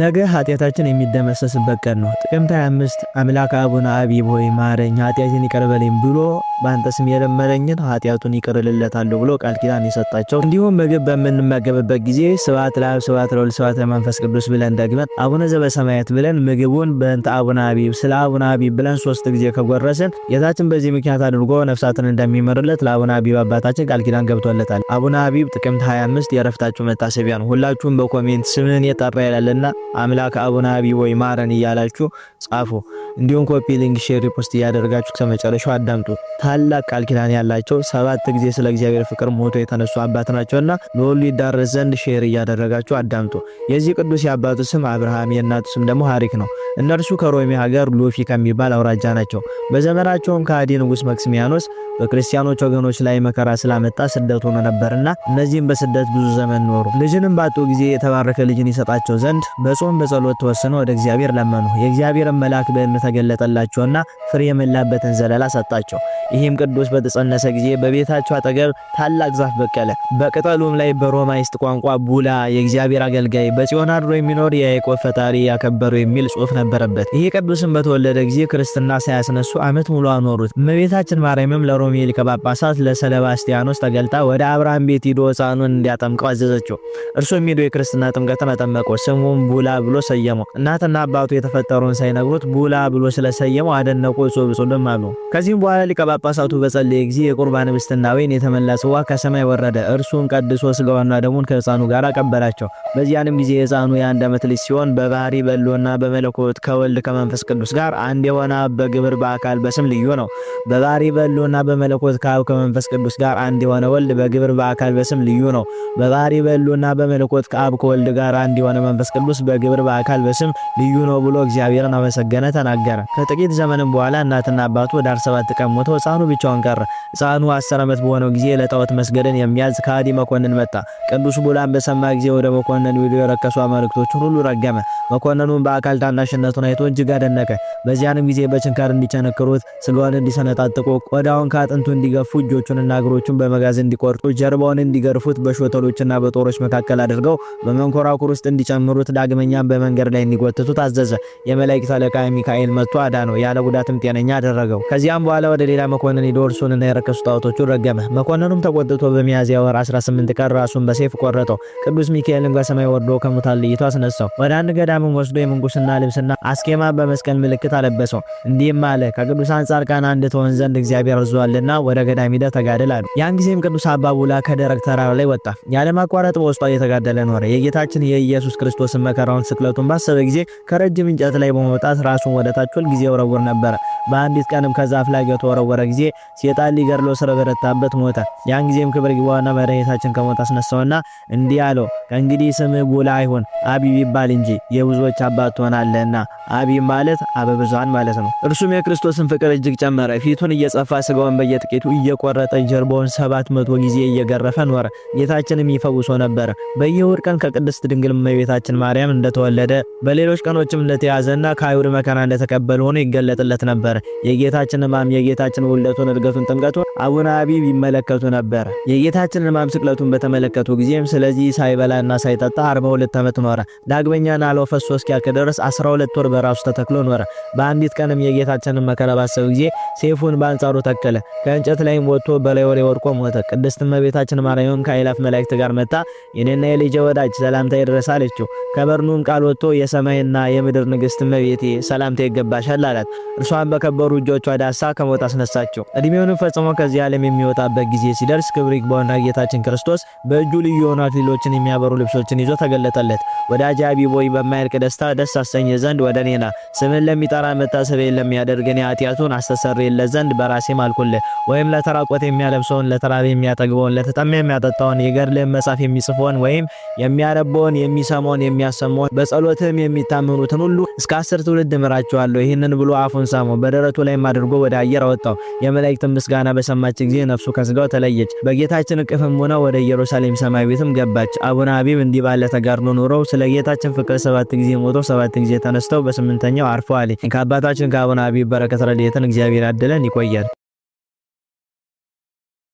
ነገ ኃጢአታችን የሚደመሰስበት ቀን ነው። ጥቅምት 25 አምላክ አቡነ አቢብ ሆይ ማረኝ፣ ኃጢአትን ይቀርበልኝ ብሎ በአንተ ስም የለመነኝን ኃጢአቱን ይቅርልለታለሁ ብሎ ቃል ኪዳን የሰጣቸው እንዲሁም ምግብ በምንመገብበት ጊዜ ስብሐት ለአብ፣ ስብሐት ለወልድ፣ ስብሐት ለመንፈስ ቅዱስ ብለን ደግመን አቡነ ዘበሰማያት ብለን ምግቡን በእንተ አቡነ አቢብ ስለ አቡነ አቢብ ብለን ሶስት ጊዜ ከጎረስን ጌታችን በዚህ ምክንያት አድርጎ ነፍሳትን እንደሚምርለት ለአቡነ አቢብ አባታችን ቃል ኪዳን ገብቶለታል። አቡነ አቢብ ጥቅምት 25 የረፍታችሁ መታሰቢያ ነው። ሁላችሁም በኮሜንት ስምን የጠራ ይላልና አምላክ አቡነ አቢ ወይ ማረን እያላችሁ ጻፉ። እንዲሁም ኮፒ ሊንክ፣ ሼር፣ ሪፖስት እያደረጋችሁ ከመጨረሻው አዳምጡ። ታላቅ ቃል ኪዳን ያላቸው ሰባት ጊዜ ስለ እግዚአብሔር ፍቅር ሞቶ የተነሱ አባት ናቸውና ለሁሉ ይዳረስ ዘንድ ሼር እያደረጋችሁ አዳምጡ። የዚህ ቅዱስ የአባቱ ስም አብርሃም የእናቱ ስም ደግሞ ሀሪክ ነው። እነርሱ ከሮሚ ሀገር ሉፊ ከሚባል አውራጃ ናቸው። በዘመናቸውም ከሃዲ ንጉስ መክስሚያኖስ በክርስቲያኖች ወገኖች ላይ መከራ ስላመጣ ስደት ሆኖ ነበርና እነዚህም በስደት ብዙ ዘመን ኖሩ። ልጅንም ባጡ ጊዜ የተባረከ ልጅን ይሰጣቸው ዘንድ በጾም በጸሎት ተወስኖ ወደ እግዚአብሔር ለመኑ። የእግዚአብሔርን መልአክ በሕልም ተገለጠላቸውና ፍሬ የሞላበትን ዘለላ ሰጣቸው። ይህም ቅዱስ በተጸነሰ ጊዜ በቤታቸው አጠገብ ታላቅ ዛፍ በቀለ። በቅጠሉም ላይ በሮማይስጥ ቋንቋ ቡላ የእግዚአብሔር አገልጋይ በጽዮን አድሮ የሚኖር የያዕቆብ ፈጣሪ ያከበሩ የሚል ጽሑፍ ነበረበት። ይህ ቅዱስም በተወለደ ጊዜ ክርስትና ሳያስነሱ ዓመት ሙሉ አኖሩት። እመቤታችን ማርያምም ለሮሜ ሊቀ ጳጳሳት ለሰለባስቲያኖስ ተገልጣ ወደ አብርሃም ቤት ሂዶ ሕፃኑን እንዲያጠምቀው አዘዘችው። እርሱም ሂዶ የክርስትና ጥምቀትን አጠመቀው። ስሙም ቡላ ብሎ ሰየመው። እናትና አባቱ የተፈጠረውን ሳይነግሩት ቡላ ብሎ ስለሰየመው አደነቁ። ጾብጾልም አሉ። ከዚህም በኋላ ሊቀ ጳጳሳቱ በጸለየ ጊዜ የቁርባን ህብስትና ወይን የተመላ ጽዋ ከሰማይ ወረደ። እርሱን ቀድሶ ስጋውንና ደሙን ከህፃኑ ጋር ቀበላቸው። በዚያንም ጊዜ የህፃኑ የአንድ ዓመት ልጅ ሲሆን በባህሪ በሎና በመለኮት ከወልድ ከመንፈስ ቅዱስ ጋር አንድ የሆነ በግብር በአካል በስም ልዩ ነው። በባህሪ በሎና በመለኮት ከአብ ከመንፈስ ቅዱስ ጋር አንድ የሆነ ወልድ በግብር በአካል በስም ልዩ ነው። በባህሪ በሎና በመለኮት ከአብ ከወልድ ጋር አንድ የሆነ መንፈስ ቅዱስ በግብር በአካል በስም ልዩ ነው ብሎ እግዚአብሔርን አመሰገነ፣ ተናገረ። ከጥቂት ዘመንም በኋላ እናትና አባቱ ወደ 47 ቀን ሞተው ህፃኑ ብቻውን ቀረ። ህፃኑ አስር ዓመት በሆነው ጊዜ ለጣዖት መስገድን የሚያዝ ከሃዲ መኮንን መጣ። ቅዱስ ቡላን በሰማ ጊዜ ወደ መኮንን ሄዶ የረከሱ አማልክቶችን ሁሉ ረገመ። መኮንኑን በአካል ታናሽነቱን አይቶ እጅግ አደነቀ። በዚያንም ጊዜ በችንካር እንዲቸነክሩት፣ ስጋውን እንዲሰነጣጥቁ፣ ቆዳውን ከአጥንቱ እንዲገፉ፣ እጆቹንና እግሮቹን በመጋዝ እንዲቆርጡ፣ ጀርባውን እንዲገርፉት፣ በሾተሎችና በጦሮች መካከል አድርገው በመንኮራኩር ውስጥ እንዲጨምሩት ዳግም ዳግመኛም በመንገድ ላይ እንዲጎትቱ አዘዘ። የመላእክት አለቃ ሚካኤል መጥቶ አዳነው፣ ያለ ጉዳትም ጤነኛ አደረገው። ከዚያም በኋላ ወደ ሌላ መኮንን ሄዶ እርሱንና የረከሱ ጣዖቶቹን ረገመ። መኮንኑም ተቆጥቶ በሚያዝያ ወር 18 ቀን ራሱን በሴፍ ቆረጠው። ቅዱስ ሚካኤልም በሰማይ ወርዶ ከሙታን ለይቶ አስነሳው። ወደ አንድ ገዳምም ወስዶ የምንኩስና ልብስና አስኬማ በመስቀል ምልክት አለበሰው። እንዲህም አለ፣ ከቅዱሳን ጻድቃን አንድ ትሆን ዘንድ እግዚአብሔር አዟልና ወደ ገዳም ሂደህ ተጋደል አለ። ያን ጊዜም ቅዱስ አባ ቡላ ከደረቅ ተራራ ላይ ወጣ። ያለማቋረጥ በውስጧ እየተጋደለ ኖረ። የጌታችን የኢየሱስ ክርስቶስን መከራ የሚሰራውን ስቅለቱን ባሰበ ጊዜ ከረጅም እንጨት ላይ በመውጣት ራሱን ወደ ታች ሁልጊዜ ነበር። በአንዲት ቀንም ከዛፍ ላይ የተወረወረ ጊዜ ሴጣን ሊገድለው ስለበረታበት ሞተ። ያን ጊዜም ክብር ይግባውና መድኃኒታችን ከሞት አስነሳውና እንዲህ አለው፣ ከእንግዲህ ስም ቡላ አይሆን አቢብ ይባል እንጂ የብዙዎች አባት ትሆናለህና። አቢብ ማለት አበብዙሃን ማለት ነው። እርሱም የክርስቶስን ፍቅር እጅግ ጨመረ። ፊቱን እየጸፋ ስጋውን በየጥቂቱ እየቆረጠ ጀርባውን ሰባት መቶ ጊዜ እየገረፈ ኖረ። ጌታችንም ይፈውሶ ነበር በየወር ቀን ከቅድስት ድንግል እመቤታችን ማርያም እንደተወለደ በሌሎች ቀኖችም እንደተያዘና ከአይሁድ መከራ እንደተቀበለ ሆኖ ይገለጥለት ነበር። ነበር። የጌታችን ሕማም የጌታችን ውልደቱን፣ እድገቱን፣ ጥምቀቱን አቡነ አቢብ ይመለከቱ ነበር። የጌታችን ሕማም ስቅለቱን በተመለከቱ ጊዜም ስለዚህ ሳይበላና ሳይጠጣ 42 ዓመት ኖረ። ዳግመኛ ናሎ ፈሶ እስኪያልቅ ድረስ 12 ወር በራሱ ተተክሎ ኖረ። በአንዲት ቀንም የጌታችንን መከራ ባሰበ ጊዜ ሴፉን በአንጻሩ ተከለ። ከእንጨት ላይም ወጥቶ በላዩ ላይ ወድቆ ሞተ። ቅድስት እመቤታችን ማርያም ከአእላፍ መላእክት ጋር መጣ የኔና የልጄ ወዳጅ ሰላምታ ይድረስ አለችው። ከበርኑም ቃል ወጥቶ የሰማይና የምድር ንግሥት እመቤቴ ሰላምታ ይገባሻል አላት። እርሷን በከ በከበሩ እጆቿ ዳሳ ከሞት አስነሳቸው። እድሜውንም ፈጽሞ ከዚህ ዓለም የሚወጣበት ጊዜ ሲደርስ ክብር ይግባውና ጌታችን ክርስቶስ በእጁ ልዩ የሆኑ አክሊሎችን የሚያበሩ ልብሶችን ይዞ ተገለጠለት። ወዳጄ አቢቦይ በማይልቅ ደስታ ደስ አሰኘ ዘንድ ወደ እኔና ስምን ለሚጠራ መታሰቤን ለሚያደርግ እኔ ኃጢአቱን አስተሰርይለት ዘንድ በራሴ ማልኩልህ። ወይም ለተራቆት የሚያለብሰውን፣ ለተራቤ የሚያጠግበውን፣ ለተጠማ የሚያጠጣውን፣ የገድልህን መጽሐፍ የሚጽፈውን ወይም የሚያረበውን፣ የሚሰማውን፣ የሚያሰማውን በጸሎትህም የሚታመኑትን ሁሉ እስከ አስር ትውልድ እምራቸዋለሁ። ይህንን ብሎ አፉን ሳመው። በደረቱ ላይም አድርጎ ወደ አየር አወጣው። የመላእክትን ምስጋና በሰማች ጊዜ ነፍሱ ከስጋው ተለየች። በጌታችን እቅፍም ሆና ወደ ኢየሩሳሌም ሰማይ ቤትም ገባች። አቡነ ሀቢብ እንዲህ ባለ ተጋድሎ ኑረው ስለ ጌታችን ፍቅር ሰባት ጊዜ ሞተው ሰባት ጊዜ ተነስተው በስምንተኛው አርፈዋል። ከአባታችን ከአቡነ አቢብ በረከት ረድኤትን እግዚአብሔር ያድለን። ይቆያል።